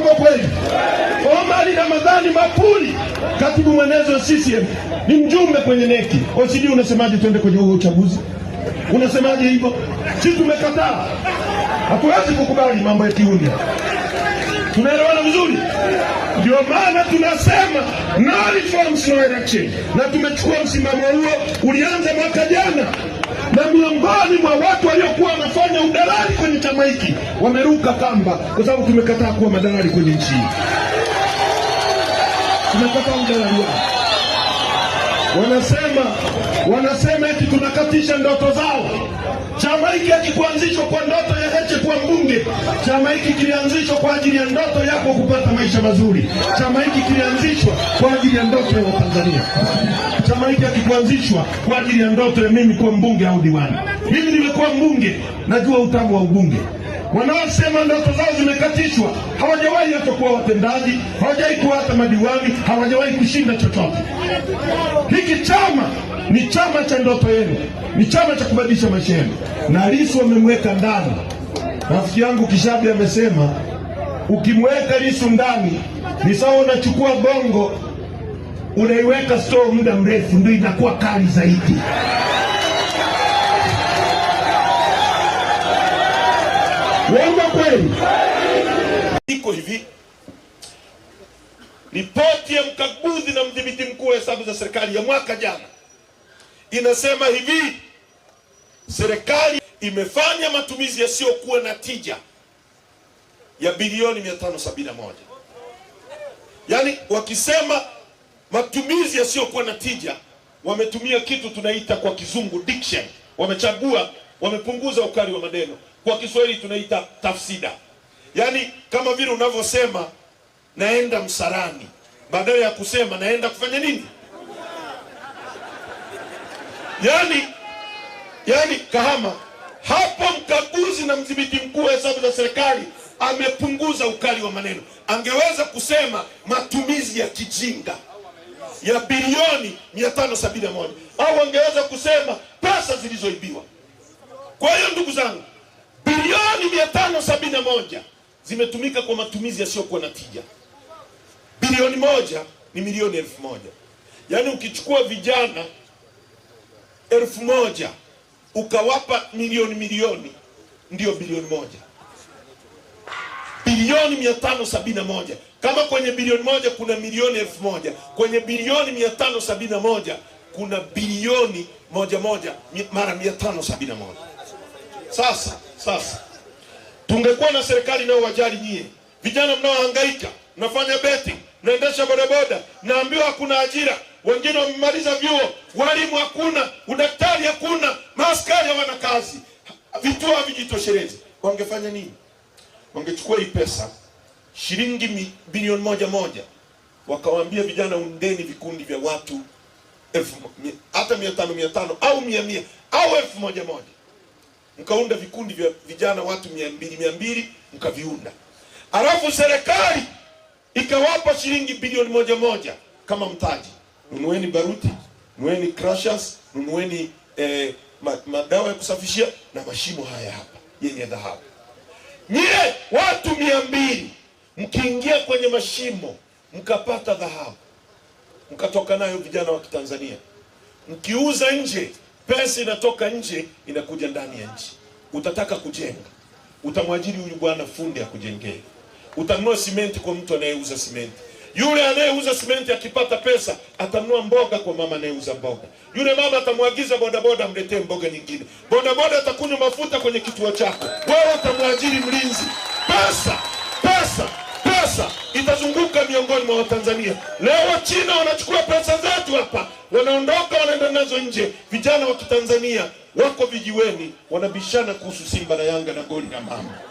uongo kweli? Omari Ramadhani Mapuri, katibu mwenezi wa CCM, ni mjumbe kwenye neki OCD. Unasemaje twende kwenye huo uchaguzi? Unasemaje hivyo? Sisi tumekataa, hatuwezi kukubali mambo ya kiuni. Tunaelewana vizuri? Ndio maana tunasema no reforms no election, na tumechukua msimamo huo, ulianza mwaka jana na miongoni mwa wanafanya udalali kwenye chama hiki wameruka kamba, kwa sababu tumekataa kuwa madalali kwenye nchi hii. Tumekataa udalali wao. Wanasema wanasema eti tunakatisha ndoto zao. Chama hiki hakikuanzishwa kwa ndoto Chama hiki kilianzishwa kwa ajili ya ndoto yako kupata maisha mazuri. Chama hiki kilianzishwa kwa ajili ya ndoto ya Watanzania. Chama hiki hakikuanzishwa kwa ajili ya ndoto ya mimi kuwa mbunge au diwani. Mimi nimekuwa mbunge, najua utamu wa ubunge. Wanaosema ndoto zao zimekatishwa hawajawahi hata kuwa watendaji, hawajawahi kuwa hata madiwani, hawajawahi kushinda chochote. Hiki chama ni chama cha ndoto yenu, ni chama cha kubadilisha maisha yenu, na Lissu wamemweka ndani Rafiki yangu Kishabi amesema ukimweka Lissu ndani ni sawa unachukua bongo unaiweka store muda mrefu, ndio inakuwa kali zaidi. Wongo kweli? Iko hivi, ripoti ya mkaguzi na mdhibiti mkuu wa hesabu za serikali ya mwaka jana inasema hivi serikali imefanya matumizi yasiyokuwa na tija ya bilioni 571. Yaani wakisema matumizi yasiyokuwa na tija, wametumia kitu tunaita kwa kizungu diction, wamechagua, wamepunguza ukali wa maneno. Kwa Kiswahili tunaita tafsida, yaani kama vile unavyosema naenda msarani badala ya kusema naenda kufanya nini? Yaani, yaani Kahama hapo mkaguzi na mdhibiti mkuu wa hesabu za serikali amepunguza ukali wa maneno. Angeweza kusema matumizi ya kijinga ya bilioni 571 au angeweza kusema pesa zilizoibiwa. Kwa hiyo ndugu zangu, bilioni 571 zimetumika kwa matumizi yasiyokuwa na tija. Bilioni moja ni milioni elfu moja, yaani ukichukua vijana elfu moja ukawapa milioni milioni, ndio bilioni moja, bilioni mia tano sabini na moja. Kama kwenye bilioni moja kuna milioni elfu moja kwenye bilioni mia tano sabini na moja kuna bilioni moja moja mara mia tano sabini na moja. Sasa sasa tungekuwa na serikali nao wajali nyie vijana mnaohangaika, mnafanya beti, mnaendesha bodaboda, naambiwa hakuna ajira wengine wamemaliza vyuo, walimu hakuna, udaktari hakuna, maaskari hawana kazi, vituo havijitoshelezi. Wangefanya nini? Wangechukua hii pesa shilingi bilioni moja moja, wakawaambia vijana, undeni vikundi vya watu elfu hata mia tano mia tano au mia mia au elfu moja moja, mkaunda vikundi vya vijana watu mia mbili mia mbili mkaviunda, alafu serikali ikawapa shilingi bilioni moja moja kama mtaji nunueni baruti, nunueni crushers, nunueni eh, madawa ya kusafishia na mashimo haya hapa yenye dhahabu. Nyie watu mia mbili mkiingia kwenye mashimo mkapata dhahabu mkatoka nayo, vijana wa Kitanzania, mkiuza nje, pesa inatoka nje inakuja ndani ya nchi. Utataka kujenga, utamwajiri huyu bwana fundi akujengee, utanunua simenti kwa mtu anayeuza simenti yule anayeuza simenti akipata pesa atanunua mboga kwa mama anayeuza mboga. Yule mama atamwagiza bodaboda amletee mboga nyingine, bodaboda atakunywa mafuta kwenye kituo chako, wewe utamwajiri mlinzi. Pesa, pesa, pesa itazunguka miongoni mwa Watanzania. Leo Wachina wanachukua pesa zetu hapa, wanaondoka wanaenda nazo nje. Vijana wa Kitanzania wako vijiweni, wanabishana kuhusu Simba na Yanga na goli na mama.